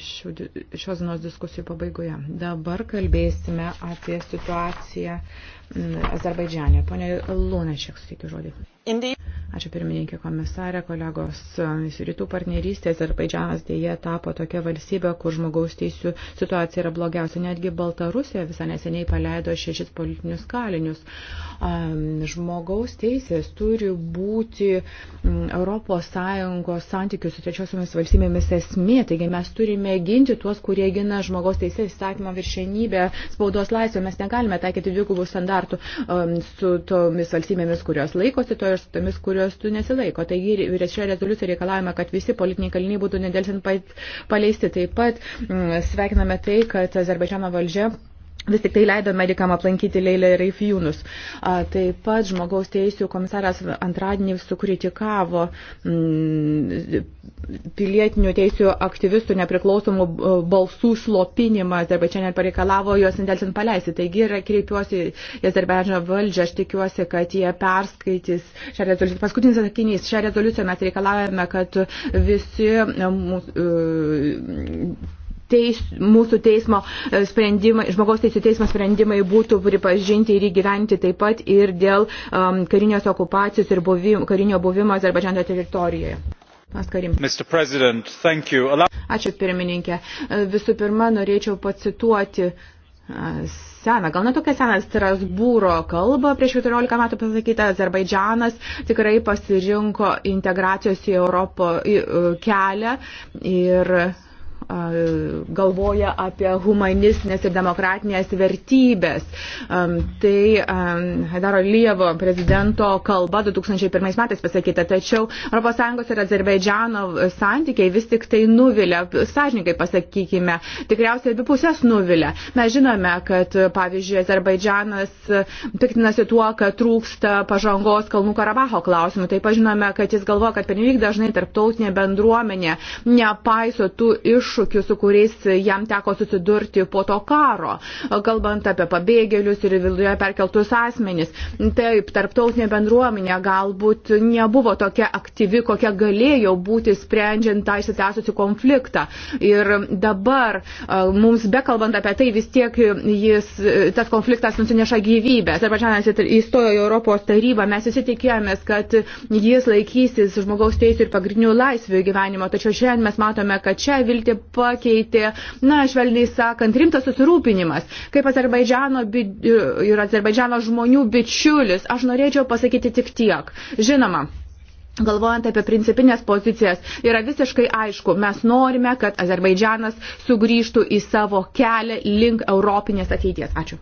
šių, šios dienos diskusijų pabaigoje. Dabar kalbėsime apie situaciją mm, Azerbaidžianė. Pone Lūnečiak, suteikiu žodį. Indeed. Ačiū pirmininkė komisarė, kolegos. Rytų partnerystės Azerbaidžianas dėje tapo tokia valstybė, kur žmogaus teisų situacija yra blogiausia. Netgi Baltarusija visą neseniai paleido šešis politinius kalinius. Žmogaus teisės turi būti ES santykių su trečiosiomis valstybėmis esmė. Taigi mes turime ginti tuos, kurie gina žmogaus teisės įstatymo viršenybę, spaudos laisvę. Mes negalime taikyti dvigubų standartų su tomis valstybėmis, kurios laikosi to ir su tomis, kurios kurios tu nesilaiko. Taigi šioje rezoliucijoje reikalavime, kad visi politiniai kaliniai būtų nedėlsint paleist paleisti. Taip pat mm, sveikiname tai, kad Azerbaidžiano valdžia Vis tik tai leido medikam aplankyti Leilę ir Reifijūnus. Taip pat žmogaus teisų komisaras antradienį sukritikavo m, mm, pilietinių teisų aktyvistų nepriklausomų e, balsų slopinimą, Azerbaidžianė pareikalavo juos indelsint paleisti. Taigi ir kreipiuosi į Azerbaidžiano valdžią, aš tikiuosi, kad jie perskaitys šią rezoliuciją. Paskutinis sakinys, šią rezoliuciją mes reikalavome, kad visi e, mūsų. Uh, e, teis, mūsų teismo e, sprendimai, žmogaus teisų teismo sprendimai būtų pripažinti ir įgyventi taip pat ir dėl um, karinės okupacijos ir buvim, karinio buvimo Azerbaidžiano teritorijoje. Ačiū pirmininkė. E, visų pirma, norėčiau pacituoti e, seną, gal ne tokią seną Strasbūro kalbą, prieš 14 metų pasakyta, Azerbaidžianas tikrai pasirinko integracijos į Europą kelią ir galvoja apie humanistinės ir demokratinės vertybės. Tai daro Lievo prezidento kalba 2001 metais pasakyta, tačiau ES ir Azerbaidžiano santykiai vis tik tai nuvilia, sąžininkai pasakykime, tikriausiai abi pusės nuvilia. Mes žinome, kad pavyzdžiui, Azerbaidžianas piktinasi tuo, kad trūksta pažangos Kalnų Karabaho klausimų. Taip pažinome, kad jis galvoja, kad pernelyg dažnai tarptautinė bendruomenė nepaiso tų iš iššūkių, su kuriais jam teko susidurti po to karo, kalbant apie pabėgėlius ir viduje perkeltus asmenys. Taip, tarptautinė bendruomenė galbūt nebuvo tokia aktyvi, kokia galėjo būti sprendžiant tą įsitęsusi konfliktą. Ir dabar mums bekalbant apie tai vis tiek jis, tas konfliktas nusineša gyvybę. Azerbaidžanas įstojo į Europos tarybą, mes visi tikėjomės, kad jis laikysis žmogaus teisų ir pagrindinių laisvių gyvenimo, tačiau šiandien mes matome, kad čia viltį pakeitė, na, švelniai sakant, rimtas susirūpinimas, kaip Azerbaidžiano ir Azerbaidžiano žmonių bičiulis. Aš norėčiau pasakyti tik tiek. Žinoma, Galvojant apie principinės pozicijas, yra visiškai aišku, mes norime, kad Azerbaidžianas sugrįžtų į savo kelią link europinės ateities. Ačiū.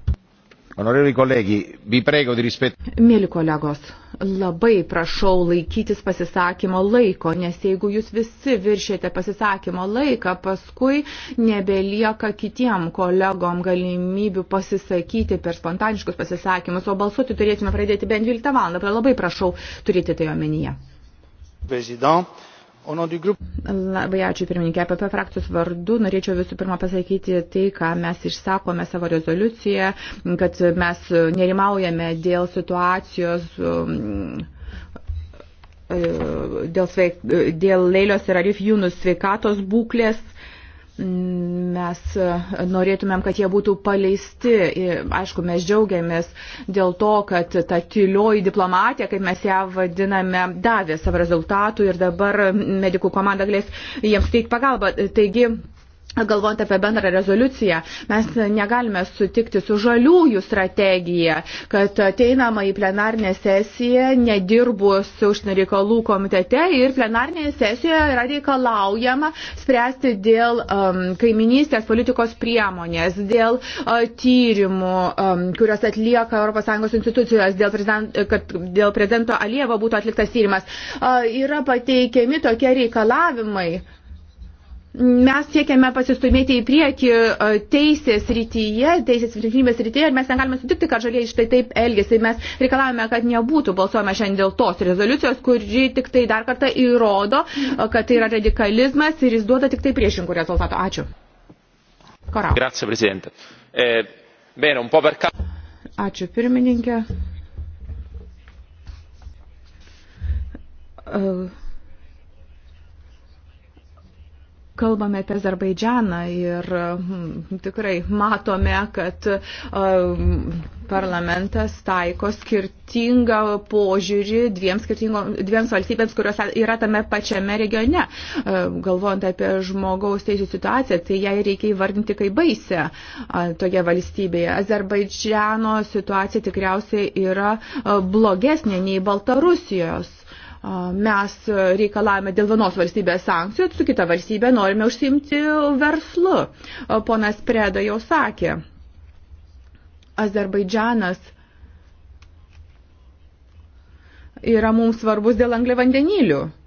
Onorevoli colleghi, vi prego di rispettare. Mėly kolegos, labai prašau laikytis pasisakymo laiko, nes jeigu jūs visi viršėte pasisakymo laiką, paskui nebelieka kitiem kolegom galimybių pasisakyti per spontaniškus pasisakymus, o balsuoti turėtume pradėti bent 12 valandą. Labai prašau turėti tai omenyje. President Labai ačiū pirmininkė. Apie frakcijos vardu norėčiau visų pirma pasakyti tai, ką mes išsakome savo rezoliuciją, kad mes nerimaujame dėl situacijos. Um, e, dėl, sveik, dėl Leilios ir Arif Junus sveikatos būklės mes norėtumėm, kad jie būtų paleisti. Aišku, mes džiaugiamės dėl to, kad ta tylioji diplomatija, kaip mes ją vadiname, davė savo rezultatų ir dabar medikų komanda galės jiems teikti pagalbą. Taigi, Galvojant apie bendrą rezoliuciją, mes negalime sutikti su žaliųjų strategija, kad ateinama į plenarnę sesiją nedirbus užsienio reikalų komitete ir plenarnėje sesijoje yra reikalaujama spręsti dėl um, kaiminystės politikos priemonės, dėl uh, tyrimų, um, kurios atlieka ES institucijos, dėl, prezident, kad dėl prezidento Alievo būtų atliktas tyrimas. Uh, yra pateikiami tokie reikalavimai mes siekiame pasistumėti į priekį e, teisės rytyje, teisės viršinybės rytyje ir mes negalime sutikti, kad žaliai štai taip elgesi. Mes reikalavome, kad nebūtų balsuojama šiandien dėl tos rezoliucijos, kuri tik tai dar kartą įrodo, e, kad tai yra radikalizmas ir jis duoda tik tai priešingų rezultatų. Ačiū. Korau. Grazie, prezidente. E, eh, bene, un po per Ačiū, pirmininkė. Uh kalbame apie Azerbaidžianą ir hm, tikrai matome, kad parlamentas taiko skirtingą požiūrį dviem, dviems valstybėms, kurios yra tame pačiame regione. Galvojant apie žmogaus teisų situaciją, tai jai reikia įvardinti kaip baisę toje valstybėje. Azerbaidžiano situacija tikriausiai yra blogesnė nei Baltarusijos mes reikalavome dėl vienos valstybės sankcijų, su kita valstybė norime užsimti verslu. Ponas Preda jau sakė, Azerbaidžanas yra mums svarbus dėl angliavandenilių. vandenilių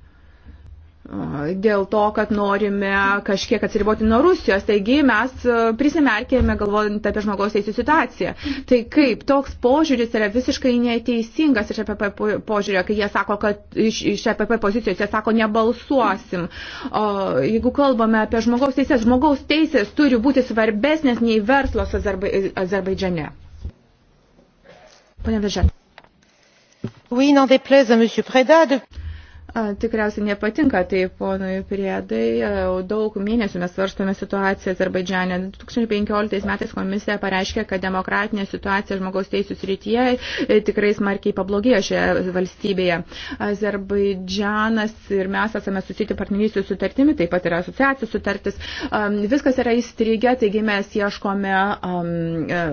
dėl to, kad norime kažkiek atsiriboti nuo Rusijos. Taigi mes e, prisimerkėjame galvojant apie žmogaus teisų situaciją. Tai kaip toks požiūris yra visiškai neteisingas iš EPP požiūrio, kai jie sako, kad iš, iš EPP pozicijos jie sako, nebalsuosim. O, jeigu kalbame apie žmogaus teisės, žmogaus teisės turi būti svarbesnės nei verslas Azerbaidžiane. Pone Vežė. Oui, n'en déplaise à M. Preda, depuis Tikriausiai nepatinka tai ponui priedai. Jau daug mėnesių mes svarstome situaciją Azerbaidžiane. 2015 metais komisija pareiškė, kad demokratinė situacija žmogaus teisų srityje e, tikrai smarkiai pablogėjo šioje valstybėje. Azerbaidžianas ir mes esame susiti partnerystės sutartimi, taip pat yra asociacijos sutartis. Viskas yra įstrigę, taigi mes ieškome e,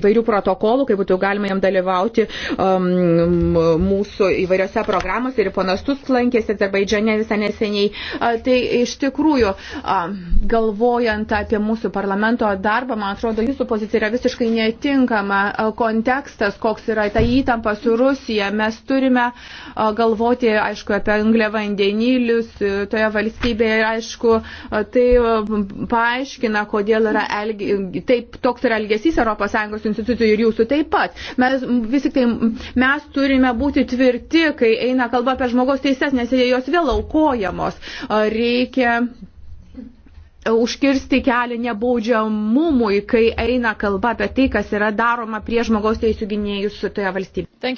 įvairių protokolų, kaip būtų galima jam dalyvauti mūsų įvairiose programose ir ponas Tuskla lankėsi Azerbaidžiane visą neseniai. Tai iš tikrųjų, galvojant apie mūsų parlamento darbą, man atrodo, jūsų pozicija yra visiškai netinkama. Kontekstas, koks yra ta įtampa su Rusija, mes turime galvoti, aišku, apie anglę vandenilius toje valstybėje ir, aišku, tai paaiškina, kodėl yra elgi, taip, toks yra elgesys ES institucijų ir jūsų taip pat. Mes vis tik tai mes turime būti tvirti, kai eina kalba apie žmogaus teises teisės, nes jos vėl aukojamos. Reikia užkirsti kelią nebaudžiamumui, kai eina kalba apie tai, kas yra daroma prie žmogaus teisų gynėjus toje valstybėje.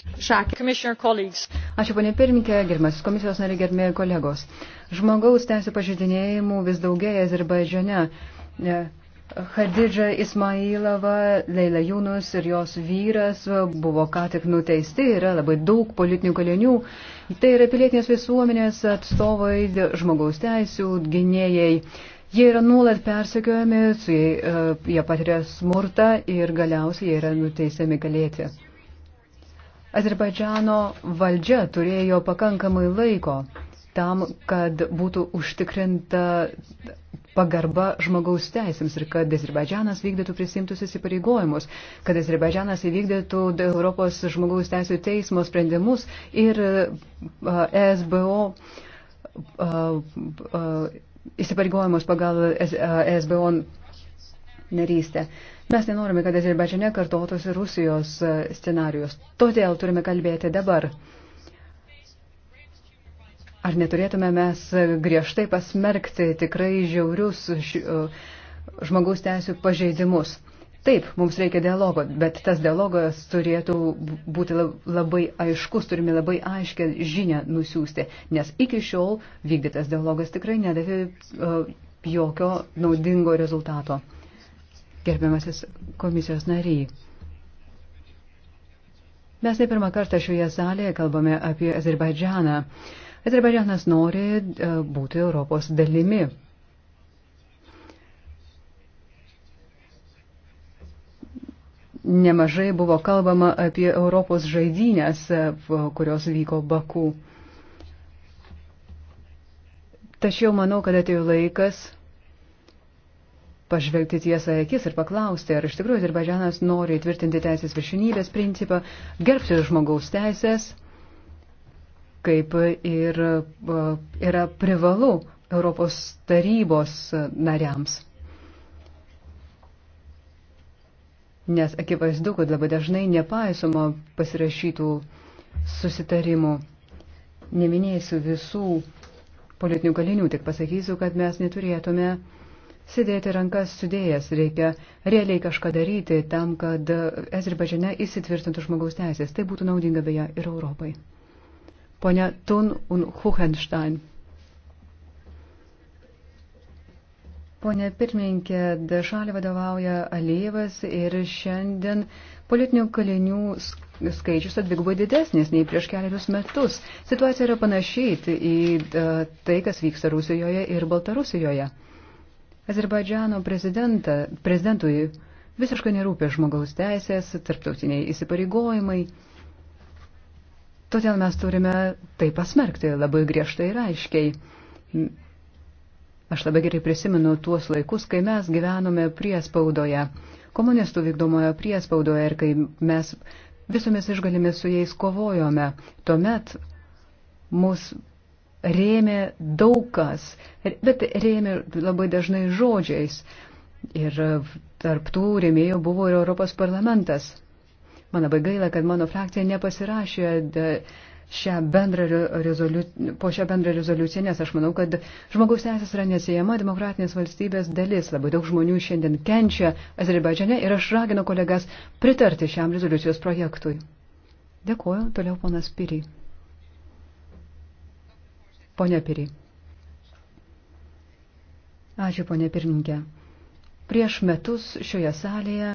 Ačiū, ponė pirmininkė, gerbiamas komisijos nariai, gerbėjai kolegos. Žmogaus teisų pažydinėjimų vis daugėja Azerbaidžiane. Hadidža Ismailova, Leila Junus ir jos vyras buvo ką tik nuteisti, yra labai daug politinių kalinių. Tai yra pilietinės visuomenės atstovai, žmogaus teisų gynėjai. Jie yra nuolat persekiojami, su jie, jie patiria smurtą ir galiausiai jie yra nuteisiami kalėti. Azerbaidžiano valdžia turėjo pakankamai laiko tam, kad būtų užtikrinta pagarba žmogaus teisėms ir kad Azerbaidžianas vykdytų prisimtus įsipareigojimus, kad Azerbaidžianas įvykdytų Europos žmogaus teisų teismo sprendimus ir ESBO įsipareigojimus pagal ESBO narystę. Mes nenorime, kad Azerbaidžiane kartotųsi Rusijos scenarius. Todėl turime kalbėti dabar. Ar neturėtume mes griežtai pasmerkti tikrai žiaurius žmogaus teisų pažeidimus? Taip, mums reikia dialogo, bet tas dialogas turėtų būti labai aiškus, turime labai aiškę žinę nusiųsti, nes iki šiol vykdytas dialogas tikrai nedavė uh, jokio naudingo rezultato. Gerbiamasis komisijos nariai. Mes ne pirmą kartą šioje salėje kalbame apie Azerbaidžaną. Uh, Azerbaidžanas nori e, būti Europos dalimi. Nemažai buvo kalbama apie Europos žaidynės, e, kurios vyko Baku. Tačiau manau, kad atėjo laikas pažvelgti tiesą akis ir paklausti, ar iš tikrųjų Azerbaidžanas nori tvirtinti teisės viršinybės principą, gerbti žmogaus teisės kaip ir yra privalu Europos tarybos nariams. Nes akivaizdu, kad labai dažnai nepaisoma pasirašytų susitarimų. Neminėsiu visų politinių kalinių, tik pasakysiu, kad mes neturėtume sėdėti rankas sudėjęs, reikia realiai kažką daryti tam, kad Azerbaidžiane įsitvirtintų žmogaus teisės. Tai būtų naudinga beje ir Europai ponia Tun un Huchenstein. Pone pirmininkė, šalį vadovauja Alievas ir šiandien politinių kalinių skaičius atdvigubai didesnis nei prieš keliarius metus. Situacija yra panašiai į e, tai, kas vyksta Rusijoje ir Baltarusijoje. Azerbaidžiano prezidentui visiškai nerūpė žmogaus teisės, tarptautiniai įsipareigojimai. Todėl mes turime tai pasmerkti labai griežtai ir aiškiai. Aš labai gerai prisimenu tuos laikus, kai mes gyvenome priespaudoje, komunistų vykdomojo priespaudoje ir kai mes visomis išgalimis su jais kovojome. Tuomet mus rėmė daug kas, bet rėmė labai dažnai žodžiais. Ir tarptų rėmėjų buvo ir Europos parlamentas. Man labai gaila, kad mano frakcija nepasirašė šią bendrą rezoliu... po šią bendrą rezoliuciją, nes aš manau, kad žmogaus teisės yra nesijama demokratinės valstybės dalis. Labai daug žmonių šiandien kenčia Azerbaidžiane ir aš raginu kolegas pritarti šiam rezoliucijos projektui. Dėkuoju, toliau ponas Piri. Pone Piri. Ačiū, ponė pirmininkė. Prieš metus šioje salėje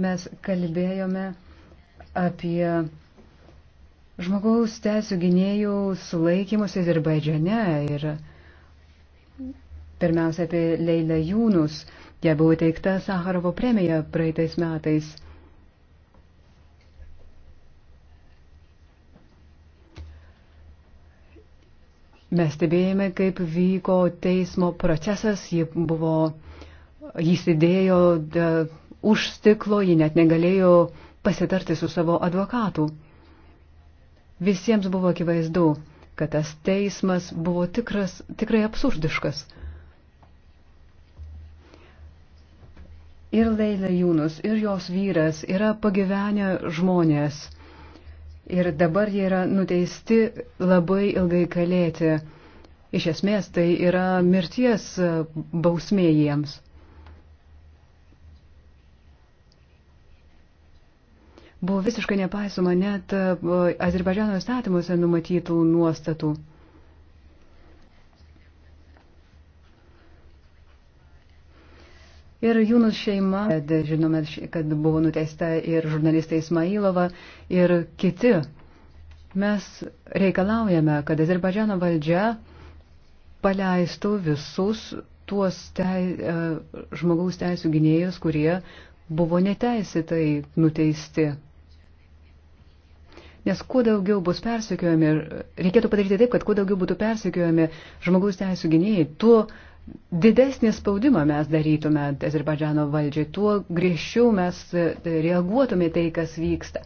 mes kalbėjome apie žmogaus teisų gynėjų sulaikymus Azerbaidžiane ir pirmiausia apie Leilą Jūnus. Jie buvo teikta Sakarovo premija praeitais metais. Mes stebėjome, kaip vyko teismo procesas, jį buvo, jis įdėjo už stiklo, ji net negalėjo pasitarti su savo advokatu. Visiems buvo akivaizdu, kad tas teismas buvo tikras, tikrai absurdiškas. Ir Leila Jūnus, ir jos vyras yra pagyvenę žmonės. Ir dabar jie yra nuteisti labai ilgai kalėti. Iš esmės tai yra mirties bausmėjiems. buvo visiškai nepaisoma net e, Azerbaidžiano įstatymuose numatytų nuostatų. Ir Jūnus šeima, e, žinome, kad buvo nuteista ir žurnalistai Ismailova, ir kiti. Mes reikalaujame, kad Azerbaidžiano valdžia paleistų visus tuos tei, e, žmogaus teisų gynėjus, kurie buvo neteisėtai nuteisti. Nes kuo daugiau bus persekiojami, reikėtų padaryti taip, kad kuo daugiau būtų persekiojami žmogaus teisų gynėjai, tuo didesnį spaudimą mes darytume Azerbaidžiano valdžiai, tuo griežčiau mes e, reaguotume tai, kas vyksta.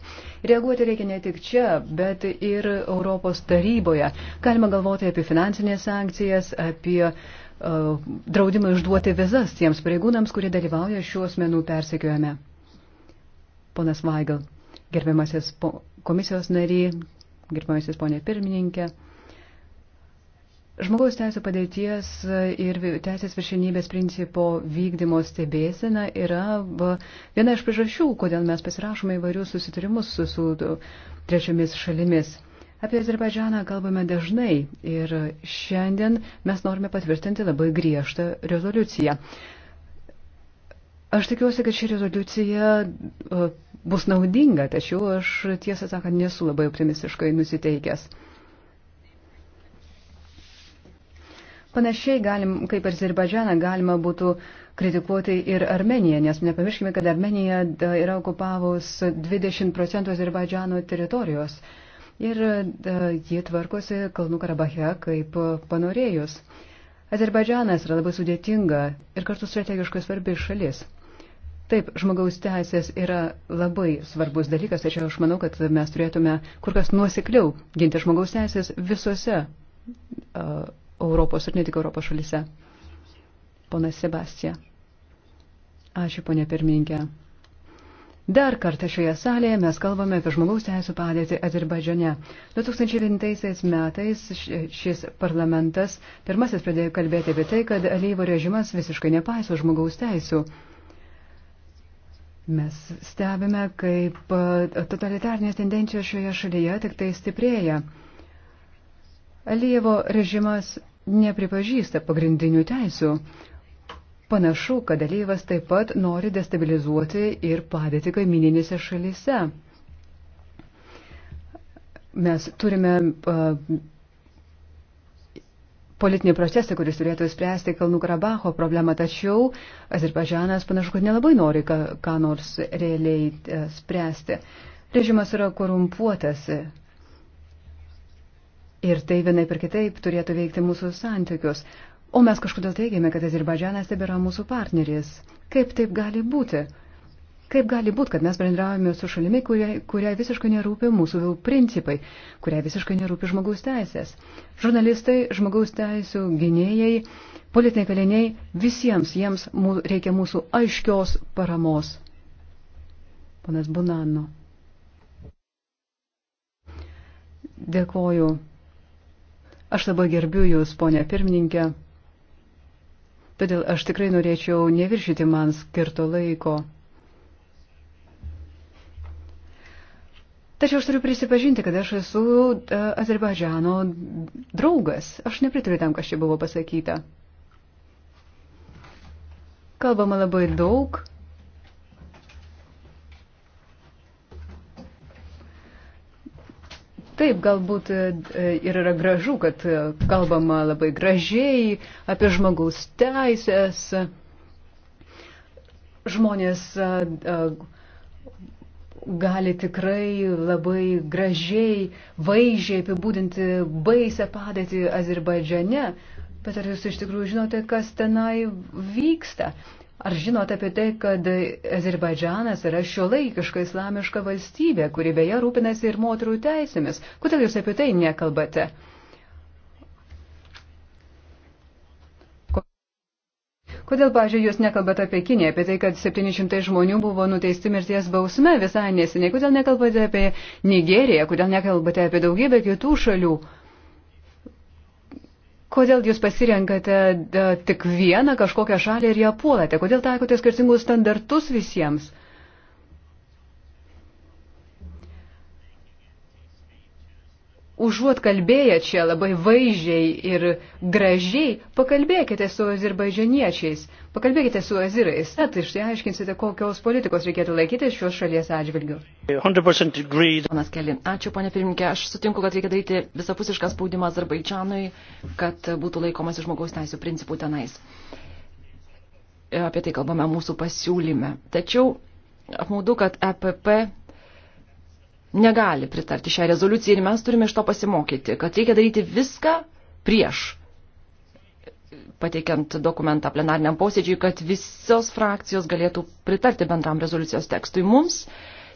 Reaguoti reikia ne tik čia, bet ir Europos taryboje. Galima galvoti apie finansinės sankcijas, apie uh, draudimą išduoti vizas tiems pareigūnams, kurie dalyvauja šiuos menų persekiojame. Ponas Vaigal gerbiamasis komisijos nary, gerbiamasis ponė pirmininkė. Žmogaus teisų padėties ir teisės viršinybės principo vykdymo stebėsena yra viena iš priežasčių, kodėl mes pasirašome įvairius susitarimus su, su trečiomis šalimis. Apie Azerbaidžianą kalbame dažnai ir šiandien mes norime patvirtinti labai griežtą rezoliuciją. Aš tikiuosi, kad ši rezoliucija bus naudinga, tačiau aš tiesą sakant nesu labai optimistiškai nusiteikęs. Panašiai galim, kaip ir Azerbaidžaną galima būtų kritikuoti ir Armeniją, nes nepamirškime, kad Armenija yra okupavus 20 procentų Azerbaidžano teritorijos ir ji tvarkosi Kalnų Karabache kaip panorėjus. Azerbaidžanas yra labai sudėtinga ir kartu strategiškai svarbi šalis. Taip, žmogaus teisės yra labai svarbus dalykas, tačiau aš manau, kad mes turėtume kur kas nuosekliau ginti žmogaus teisės visose uh, Europos ir ne tik Europos šalise. Ponas Sebastija. Ačiū, ponė pirmininkė. Dar kartą šioje salėje mes kalbame apie žmogaus teisų padėtį Azerbaidžiane. 2009 metais šis parlamentas pirmasis pradėjo kalbėti apie tai, kad Alyvo režimas visiškai nepaiso žmogaus teisų. Mes stebime, kaip e, totalitarnės tendencijos šioje šalyje tik tai stiprėja. Alievo režimas nepripažįsta pagrindinių teisių. Panašu, kad Alievas taip pat nori destabilizuoti ir padėti kaimininėse šalyse. Mes turime uh, politinį procesą, kuris turėtų spręsti Kalnų Karabaho problemą, tačiau Azerbaidžanas panašu, kad nelabai nori ką, ką nors realiai e, spręsti. Režimas yra korumpuotas ir tai vienai per kitaip turėtų veikti mūsų santykius. O mes kažkodėl teigiame, kad Azerbaidžanas tebėra mūsų partneris. Kaip taip gali būti? Kaip gali būti, kad mes bendravome su šalimi, kuriai, kuriai visiškai nerūpi mūsų principai, kuriai visiškai nerūpi žmogaus teisės? Žurnalistai, žmogaus teisų gynėjai, politiniai kaliniai, visiems jiems reikia mūsų aiškios paramos. Ponas Bunano. Dėkoju. Aš labai gerbiu Jūs, ponė pirmininkė. Todėl aš tikrai norėčiau neviršyti man skirto laiko. Tačiau aš turiu prisipažinti, kad aš esu e, Azerbaidžiano draugas. Aš nepritariu tam, kas čia buvo pasakyta. Kalbama labai daug. Taip, galbūt e, ir yra gražu, kad e, kalbama labai gražiai apie žmogaus teisės. Žmonės uh, gali tikrai labai gražiai, vaizdžiai apibūdinti baisę padėtį Azerbaidžiane, bet ar jūs iš tikrųjų žinote, kas tenai vyksta? Ar žinote apie tai, kad Azerbaidžanas yra šio laikiška islamiška valstybė, kuri beje rūpinasi ir moterų teisėmis? Kodėl jūs apie tai nekalbate? Kodėl, pažiūrėjau, jūs nekalbate apie Kiniją, apie tai, kad 700 žmonių buvo nuteisti mirties bausme visai neseniai? Kodėl nekalbate apie Nigeriją? Kodėl nekalbate apie daugybę kitų šalių? Kodėl jūs pasirenkate e, tik vieną kažkokią šalį ir ją puolate? Kodėl taikote skirtingus standartus visiems? užuot kalbėję čia labai vaizdžiai ir gražiai, pakalbėkite su azerbaidžaniečiais, pakalbėkite su azirais, net išsiaiškinsite, kokios politikos reikėtų laikytis šios šalies atžvilgių. Ponas Keli, ačiū, ponė pirmininkė, aš sutinku, kad reikia daryti visapusišką spaudimą Azerbaidžanui, kad būtų laikomas žmogaus teisų principų tenais. Apie tai kalbame mūsų pasiūlyme. Tačiau apmaudu, kad EPP negali pritarti šią rezoliuciją ir mes turime iš to pasimokyti, kad reikia daryti viską prieš pateikiant dokumentą plenariniam posėdžiui, kad visos frakcijos galėtų pritarti bendram rezoliucijos tekstui. Mums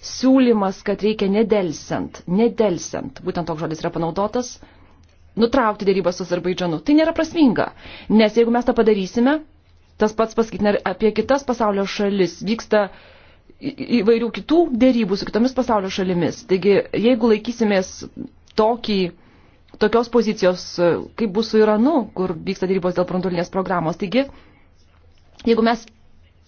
siūlymas, kad reikia nedelsiant, nedelsiant, būtent toks žodis yra panaudotas, nutraukti dėrybas su Azerbaidžanu. Tai nėra prasminga, nes jeigu mes tą padarysime, tas pats pasakytina apie kitas pasaulio šalis vyksta įvairių kitų dėrybų su kitomis pasaulio šalimis. Taigi, jeigu laikysimės tokį, tokios pozicijos, kaip bus su Iranu, kur vyksta dėrybos dėl brandulinės programos, taigi, jeigu mes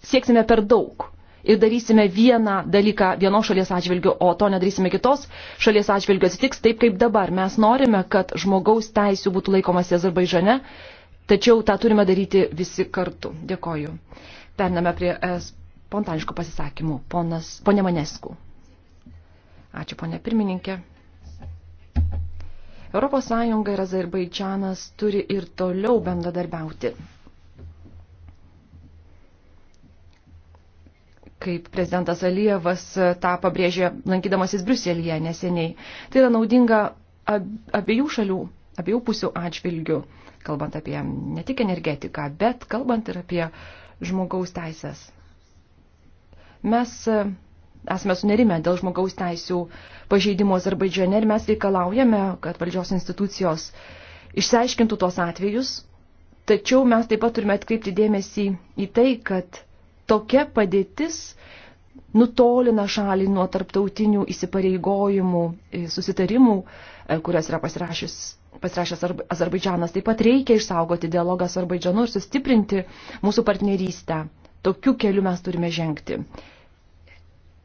sieksime per daug ir darysime vieną dalyką vienos šalies atžvilgiu, o to nedarysime kitos šalies atžvilgiu, atsitiks taip kaip dabar. Mes norime, kad žmogaus teisų būtų laikomasi Azerbaidžane, tačiau tą turime daryti visi kartu. Dėkoju. Pername prie ES spontaniškų pasisakymų. Ponas, ponė Maneskų. Ačiū, ponė pirmininkė. Europos Sąjunga ir Azerbaidžanas turi ir toliau bendradarbiauti. Kaip prezidentas Alievas tą pabrėžė lankydamasis Briuselėje neseniai. Tai yra naudinga abiejų šalių, abiejų pusių atžvilgių, kalbant apie ne tik energetiką, bet kalbant ir apie žmogaus teisės Mes e, esame sunerime dėl žmogaus teisų pažeidimo Azerbaidžiane ir mes reikalaujame, kad valdžios institucijos išsiaiškintų tuos atvejus, tačiau mes taip pat turime atkreipti dėmesį į tai, kad tokia padėtis nutolina šalį nuo tarptautinių įsipareigojimų, e, susitarimų, e, kurias yra pasirašęs, pasirašęs Azerbaidžanas. Taip pat reikia išsaugoti dialogą su Azerbaidžanu ir sustiprinti mūsų partnerystę Tokiu keliu mes turime žengti.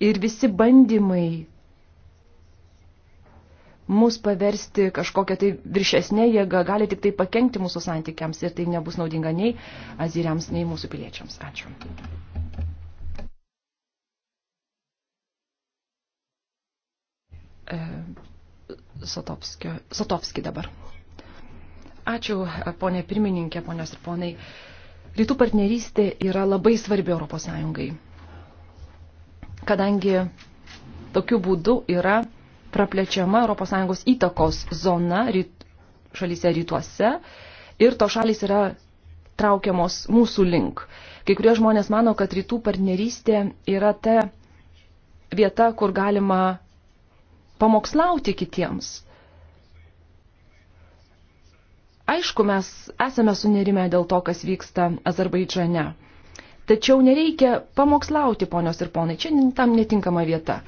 Ir visi bandymai mus paversti kažkokią tai viršesnę jėgą gali tik tai pakengti mūsų santykiams ir tai nebus naudinga nei aziriams, nei mūsų piliečiams. Ačiū. E, Sotovski dabar. Ačiū, e, ponė pirmininkė, ponios ir ponai. Rytų partnerystė yra labai svarbi ES, kadangi tokiu būdu yra praplečiama ES įtakos zona ryt, šalyse rytuose ir to šalys yra traukiamos mūsų link. Kai kurie žmonės mano, kad rytų partnerystė yra ta vieta, kur galima pamokslauti kitiems. Aišku, mes esame sunerime dėl to, kas vyksta Azerbaidžane. Tačiau nereikia pamokslauti, ponios ir ponai, čia tam netinkama vieta.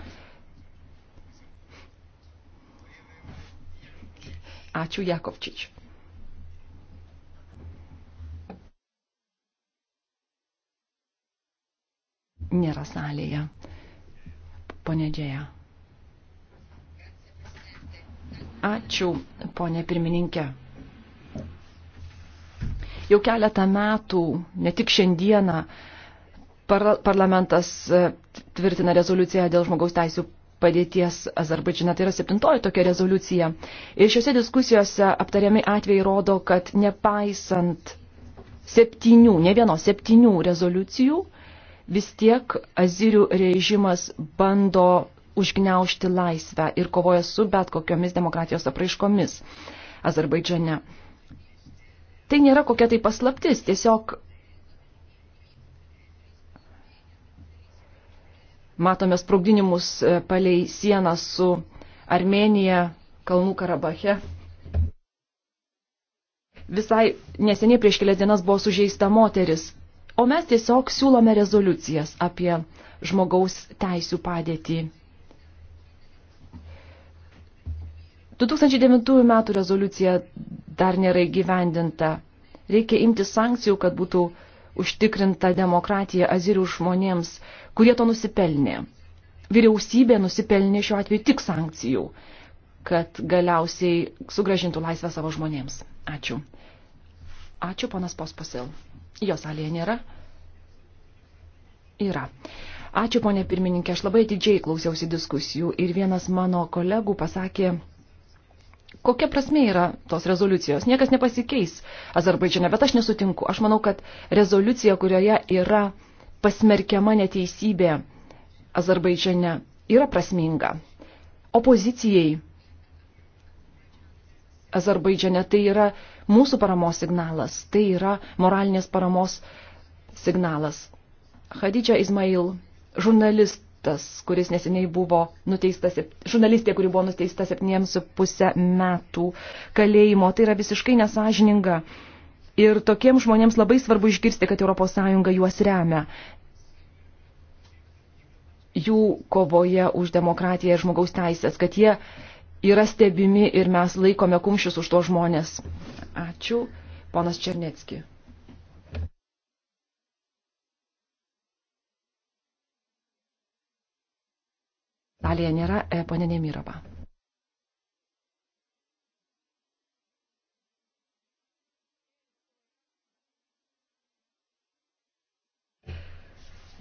Ačiū Jakovčičiu. Nėra salėje. Pone Džėja. Ačiū, ponė pirmininkė. Jau keletą metų, ne tik šiandieną, par parlamentas e, tvirtina rezoliuciją dėl žmogaus teisų padėties Azerbaidžina. Tai yra septintoji tokia rezoliucija. Ir šiuose diskusijose aptariami atvejai rodo, kad nepaisant septynių, ne vieno, septynių rezoliucijų, vis tiek Azirių režimas bando užgneušti laisvę ir kovoja su bet kokiomis demokratijos apraiškomis Azerbaidžane. Tai nėra kokia tai paslaptis, tiesiog matome sprogdinimus e, palei sieną su Armenija, Kalnų Karabache. Visai neseniai prieš kelias dienas buvo sužeista moteris, o mes tiesiog siūlome rezoliucijas apie žmogaus teisų padėtį 2009 metų rezoliucija dar nėra įgyvendinta. Reikia imti sankcijų, kad būtų užtikrinta demokratija azirių žmonėms, kurie to nusipelnė. Vyriausybė nusipelnė šiuo atveju tik sankcijų, kad galiausiai sugražintų laisvę savo žmonėms. Ačiū. Ačiū, ponas Pospasil. Jo salėje nėra. Yra. Ačiū, ponė pirmininkė, aš labai didžiai klausiausi diskusijų ir vienas mano kolegų pasakė, kokia prasme yra tos rezoliucijos? Niekas nepasikeis Azerbaidžiane, bet aš nesutinku. Aš manau, kad rezoliucija, kurioje yra pasmerkiama neteisybė Azerbaidžiane, yra prasminga. Opozicijai Azerbaidžiane tai yra mūsų paramos signalas, tai yra moralinės paramos signalas. Hadidžia Izmail, žurnalist, tas, kuris neseniai buvo nuteistas, žurnalistė, kuri buvo nuteista 7,5 metų kalėjimo. Tai yra visiškai nesažininga. Ir tokiems žmonėms labai svarbu išgirsti, kad ES juos remia. Jų kovoje už demokratiją ir žmogaus teisės, kad jie yra stebimi ir mes laikome kumščius už to žmonės. Ačiū, ponas Černecki. Salėje nėra e, ponė Nemirova.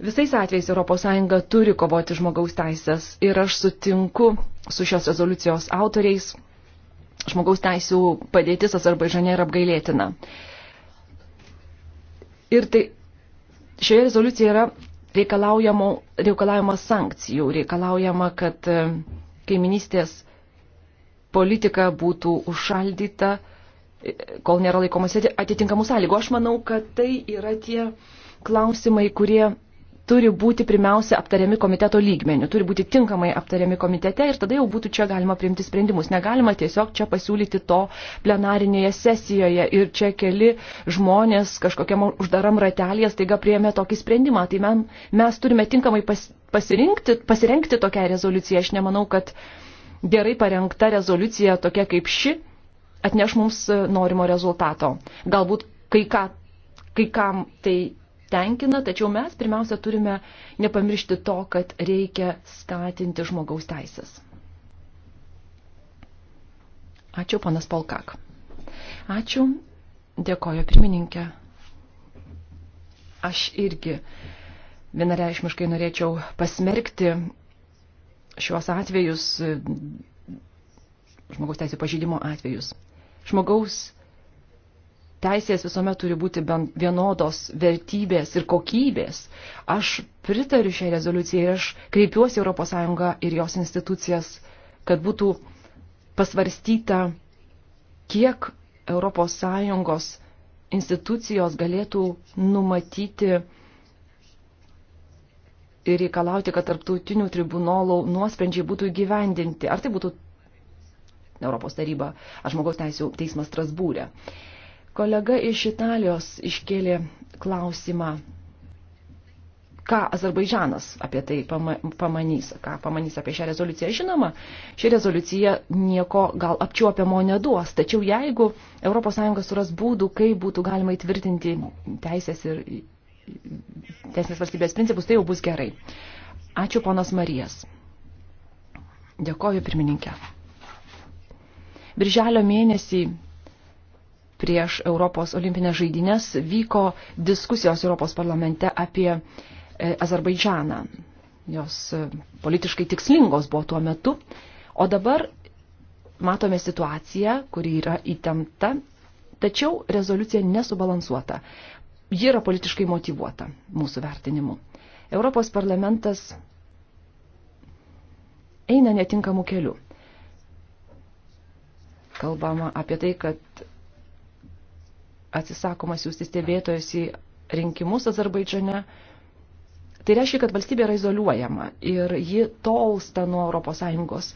Visais atvejais ES turi kovoti žmogaus teisės ir aš sutinku su šios rezoliucijos autoriais. Žmogaus teisų padėtis Azerbaidžane yra apgailėtina. Ir tai šioje rezoliucijoje yra reikalaujama sankcijų, reikalaujama, kad e, kaiminystės politika būtų užšaldyta, e, kol nėra laikomasi atitinkamų sąlygų. Aš manau, kad tai yra tie klausimai, kurie turi būti pirmiausia aptariami komiteto lygmenių, turi būti tinkamai aptariami komitete ir tada jau būtų čia galima priimti sprendimus. Negalima tiesiog čia pasiūlyti to plenarinėje sesijoje ir čia keli žmonės kažkokiam uždaram ratelėje staiga prieėmė tokį sprendimą. Tai men, mes turime tinkamai pas, pasirinkti, pasirinkti tokią rezoliuciją. Aš nemanau, kad gerai parengta rezoliucija tokia kaip ši atneš mums norimo rezultato. Galbūt kai, ką, kai kam tai tenkina, tačiau mes pirmiausia turime nepamiršti to, kad reikia skatinti žmogaus teisės. Ačiū, panas Polkak. Ačiū, dėkoju pirmininkė. Aš irgi vienareišmiškai norėčiau pasmerkti šiuos atvejus, žmogaus teisų pažydimo atvejus. Žmogaus teisės visuomet turi būti vienodos vertybės ir kokybės. Aš pritariu šiai rezoliucijai ir aš kreipiuosi ES ir jos institucijas, kad būtų pasvarstyta, kiek ES institucijos galėtų numatyti ir reikalauti, kad tarptautinių tribunolų nuosprendžiai būtų įgyvendinti. Ar tai būtų Europos taryba, ar žmogaus teisų teismas Strasbūrė. E Kolega iš Italijos iškėlė klausimą, ką Azerbaidžanas apie tai pamanys, ką pamanys apie šią rezoliuciją. Žinoma, ši rezoliucija nieko gal apčiuopiamo neduos, tačiau jeigu ES suras būdų, kaip būtų galima įtvirtinti teisės ir teisinės valstybės principus, tai jau bus gerai. Ačiū ponas Marijas. Dėkoju pirmininkė. Birželio mėnesį prieš Europos olimpinės žaidynės vyko diskusijos Europos parlamente apie e, Azerbaidžaną. Jos e, politiškai tikslingos buvo tuo metu. O dabar matome situaciją, kuri yra įtempta, tačiau rezoliucija nesubalansuota. Ji yra politiškai motivuota mūsų vertinimu. Europos parlamentas eina netinkamų kelių. Kalbama apie tai, kad atsisakoma siūsti stebėtojus į rinkimus Azerbaidžiane. Tai reiškia, kad valstybė yra izoliuojama ir ji tolsta nuo ES.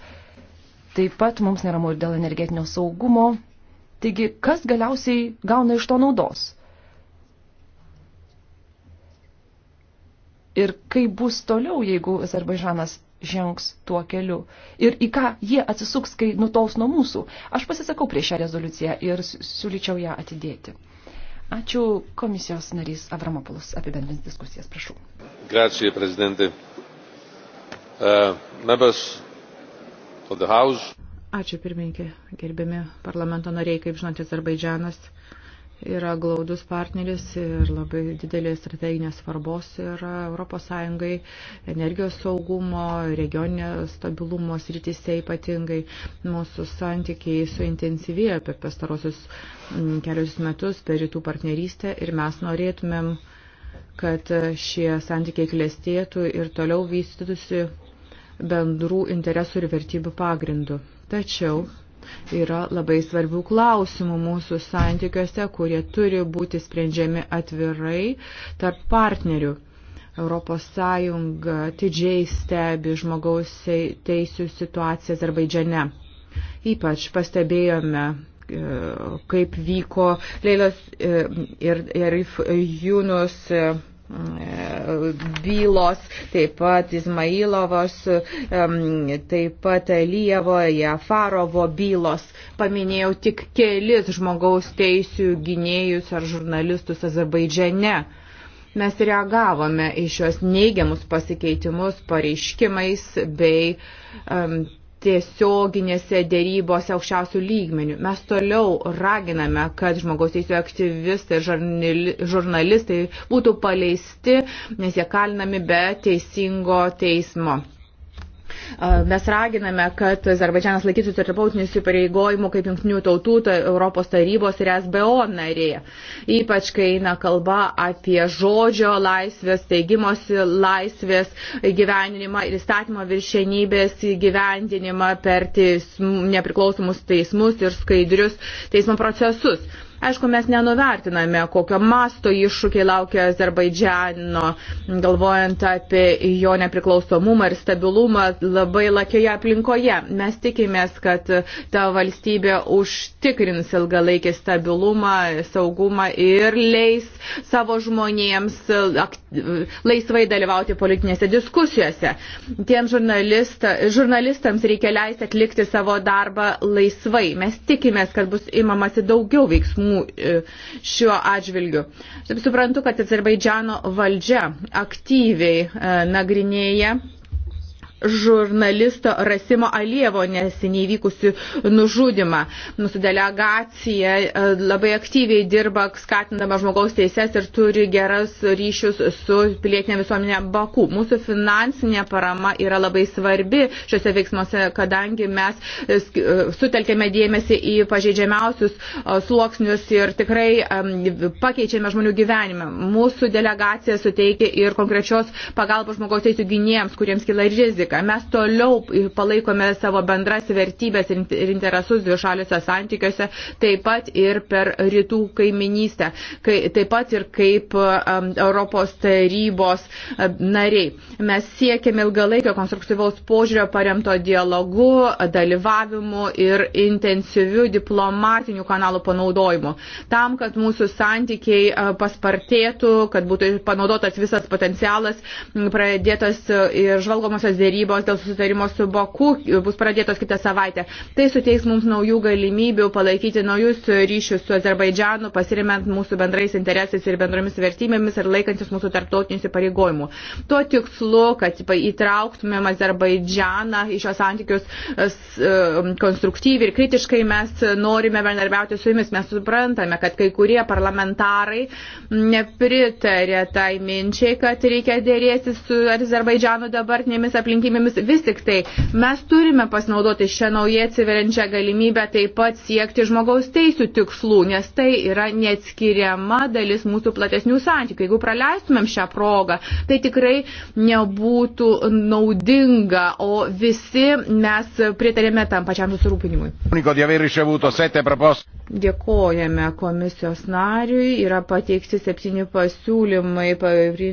Taip pat mums neramu ir dėl energetinio saugumo. Taigi, kas galiausiai gauna iš to naudos? Ir kaip bus toliau, jeigu Azerbaidžanas žengs tuo keliu ir į ką jie atsisuks, kai nutols nuo mūsų. Aš pasisakau prieš šią rezoliuciją ir siūlyčiau ją atidėti. Ačiū komisijos narys Avramopoulos apibendrins diskusijas, prašau. Grazie, prezidentai. Uh, members of the House. Ačiū pirmininkė, gerbiami parlamento nariai, kaip žinote, Azerbaidžianas. Uh, yra glaudus partneris ir labai didelės strateginės svarbos yra ES energijos saugumo, regioninio stabilumo srityse ypatingai mūsų santykiai suintensyvėjo per pastarosius mm, kelius metus per rytų partnerystę ir mes norėtumėm, kad šie santykiai klestėtų ir toliau vystytųsi bendrų interesų ir vertybių pagrindų. Tačiau Yra labai svarbių klausimų mūsų santykiuose, kurie turi būti sprendžiami atvirai tarp partnerių. Europos Sąjunga atidžiai stebi žmogaus teisų situaciją Azerbaidžiane. Ypač pastebėjome e, kaip vyko Leilas e, ir, ir Junus e, bylos, taip pat Izmailovos, taip pat Lievo, Jafarovo bylos. Paminėjau tik kelis žmogaus teisų gynėjus ar žurnalistus Azerbaidžiane. Mes reagavome į šios neigiamus pasikeitimus pareiškimais bei um, tiesioginėse dėrybose aukščiausių lygmenių. Mes toliau raginame, kad žmogaus teisų aktyvistai ir žurnalistai būtų paleisti, nes jie kalinami be teisingo teismo. Mes raginame, kad Azerbaidžianas laikytųsi tarptautinių įsipareigojimų kaip jungtinių tautų, tai Europos tarybos ir SBO narė. Ypač, kai eina kalba apie žodžio laisvės, teigimosi laisvės gyveninimą ir įstatymo viršenybės gyvendinimą per teism, nepriklausomus teismus ir skaidrius teismo procesus Aišku, mes nenuvertiname, kokio masto iššūkiai laukia Azerbaidžiano, galvojant apie jo nepriklausomumą ir stabilumą labai lakioje aplinkoje. Mes tikimės, kad ta valstybė užtikrins ilgalaikį stabilumą, saugumą ir leis savo žmonėms laisvai dalyvauti politinėse diskusijose. Tiem žurnalista, žurnalistams reikia leisti atlikti savo darbą laisvai. Mes tikimės, kad bus imamasi daugiau veiksmų veiksmų e, šiuo atžvilgiu. Taip suprantu, kad Azerbaidžiano valdžia aktyviai e, nagrinėja žurnalisto Rasimo Alievo neseniai vykusi nužudimą. Mūsų delegacija e, labai aktyviai dirba, skatindama žmogaus teises ir turi geras ryšius su pilietinė visuomenė Baku. Mūsų finansinė parama yra labai svarbi šiuose veiksmuose, kadangi mes e, e, sutelkėme dėmesį į pažeidžiamiausius sluoksnius ir tikrai pakeičiame žmonių gyvenimą. Mūsų delegacija suteikia ir konkrečios pagalbos žmogaus teisų gynėjams, kuriems kila rizika politiką. Mes toliau palaikome savo bendras vertybės ir interesus dvišaliuose santykiuose, taip pat ir per rytų kaiminystę, kai, taip pat ir kaip um, Europos tarybos um, nariai. Mes siekiame ilgalaikio konstruktyvaus požiūrio paremto dialogu, dalyvavimu ir intensyviu diplomatinių kanalų panaudojimu. Tam, kad mūsų santykiai paspartėtų, kad būtų panaudotas visas potencialas, pradėtas ir žvalgomosios dėrybos dėrybos dėl susitarimo su Boku bus pradėtos kitą savaitę. Tai suteiks mums naujų galimybių palaikyti naujus ryšius su Azerbaidžanu, pasirimant mūsų bendrais interesais ir bendromis vertybėmis ir laikantis mūsų tarptautinių įsipareigojimų. Tuo tikslu, kad įtrauktumėm Azerbaidžaną į šios santykius e, e, konstruktyviai ir kritiškai, mes norime bendarbiauti su jumis. Mes suprantame, kad kai kurie parlamentarai nepritarė tai minčiai, kad reikia dėrėtis su Azerbaidžanu dabartinėmis aplinkybėmis galimybėmis. Vis tik tai mes turime pasinaudoti šią naują atsiveriančią galimybę taip pat siekti žmogaus teisų tikslų, nes tai yra neatskiriama dalis mūsų platesnių santykių. Jeigu praleistumėm šią progą, tai tikrai nebūtų naudinga, o visi mes pritarėme tam pačiam susirūpinimui. Dėkojame komisijos nariui, yra pateikti septyni pasiūlymai.